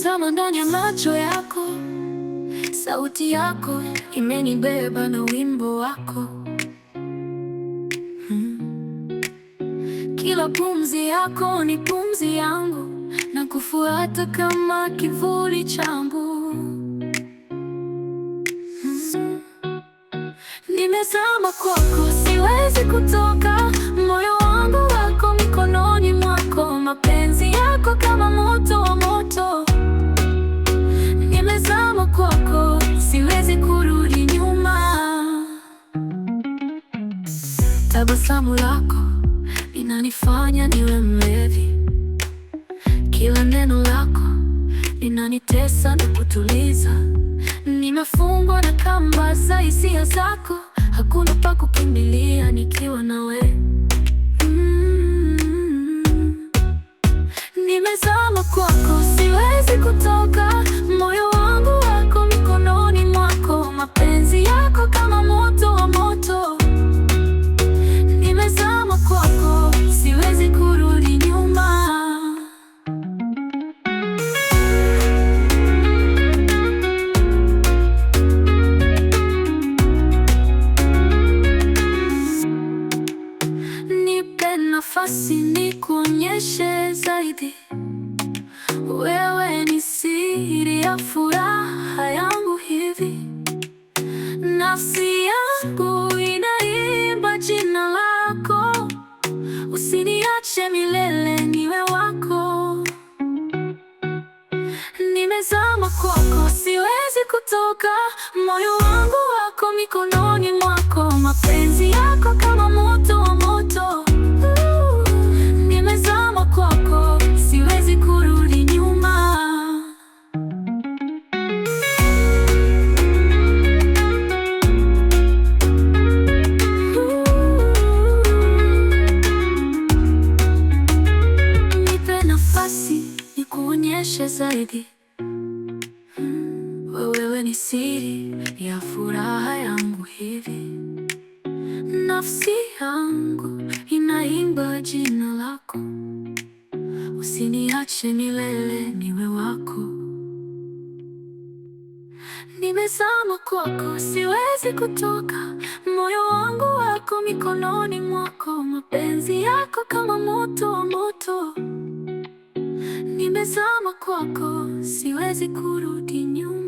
Nikitazama ndani ya macho yako, sauti yako imenibeba na wimbo wako hmm. Kila pumzi yako ni pumzi yangu, na kufuata kama kivuli changu hmm. Nimezama kwako, siwezi kutoka moyo Tabasamu lako linanifanya niwe mlevi, kila neno lako linanitesa na kutuliza. Nimefungwa na kamba za hisia zako, hakuna pa kukimbilia nikiwa nawe. nafasi ni kuonyeshe zaidi, wewe ni siri ya furaha yangu hivi, nafsi yangu inaimba jina lako, usiniache milele, niwe wako, nimezama kwako, siwezi kutoka, moyo wangu wako mikononi zaidi. Wewe ni siri ya furaha yangu, hivi nafsi yangu inaimba jina lako. Usiniache milele niwe wako, nimezama kwako, siwezi kutoka, moyo wangu wako mikononi mwako, mapenzi yako kama moto moto nimezama kwako, siwezi kurudi nyuma.